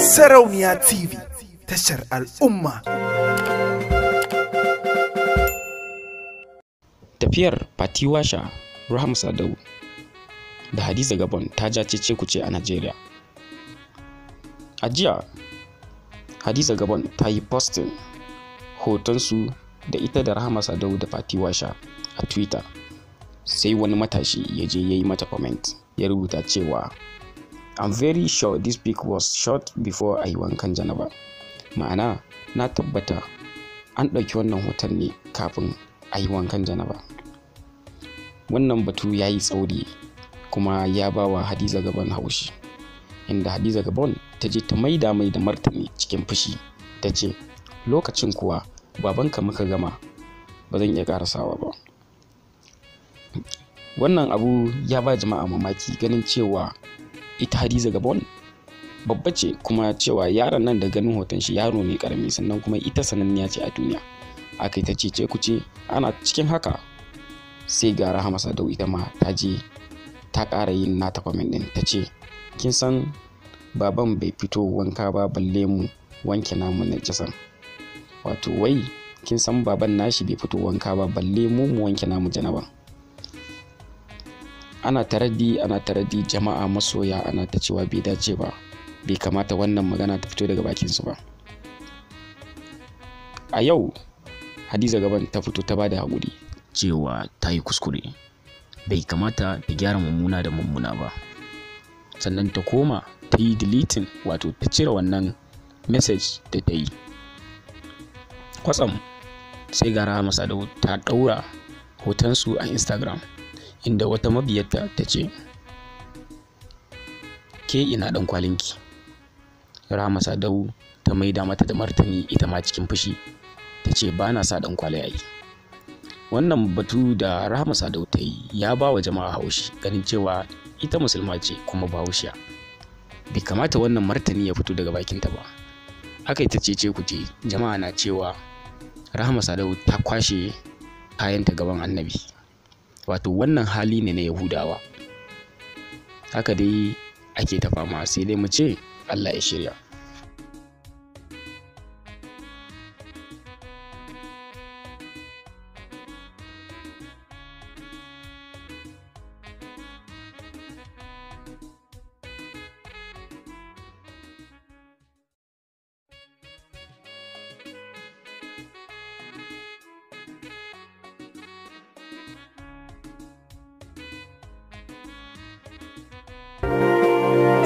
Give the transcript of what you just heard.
Sarauniya TV tashar al'umma. Tafiyar Fatiwasha Raham Sadau da Hadiza Gabon ta ja ce kuce a Najeriya. A jiya, Hadiza Gabon ta yi postin hotonsu da ita da Rahama Sadau da fati washa a Twitter. Sai wani matashi ya je ya yi mata comment ya rubuta cewa am very sure this pic was shot before a yi wankan janaba. Ma'ana, na tabbata an ɗauki wannan hoton ne kafin a yi wankan janaba. Wannan batu ya yi tsauri kuma ya ba wa Hadiza gaban haushi. Inda Hadiza gaban ta je ta maida mai da martani cikin fushi ta ce, Lokacin kuwa babanka muka gama ba zan iya karasawa ba. Wannan abu ya ba jama'a mamaki ganin cewa ita hadiza gabon babba ce kuma cewa yaron nan da ganin hoton shi yaro ne karami sannan kuma ita sananniya ce a duniya aka yi ta ce kuce ana cikin haka sai ga rahama sadau ita ma ta je ta ƙara yin nata kwamin ɗin ta ce kin san baban bai fito wanka ba balle mu wanke namu na jasan wato wai kin san baban nashi bai fito wanka ba balle mu mu wanke namu janaban ana taradi ana taradi jama'a masoya ana ta cewa bai dace ba bai kamata wannan magana ta fito daga bakinsu ba a yau hadiza gaban ta fito ta bada hakuri. cewa ta yi kuskure bai kamata ta gyara mummuna da mummuna ba sannan ta koma ta yi deleting wato ta cire wannan message da ta yi kwatsam sai gara masa da ta ɗaura hotonsu a instagram inda wata mabiyarta ta ce ke ina dan kwalinki rama sadau ta maida mata da martani ita ma cikin fushi ta ce ba na sa dan kwale yi wannan batu da rama sadau ta yi ya ba wa jama'a haushi ganin cewa ita musulma ce kuma ba haushiya. bai kamata wannan martani ya fito daga bakinta ba aka yi ta ku je jama'a na cewa rahama sadau ta kwashe kayanta gaban annabi wato wannan hali ne na yahudawa haka dai ake ta fama sai dai mu ce allah ya shirya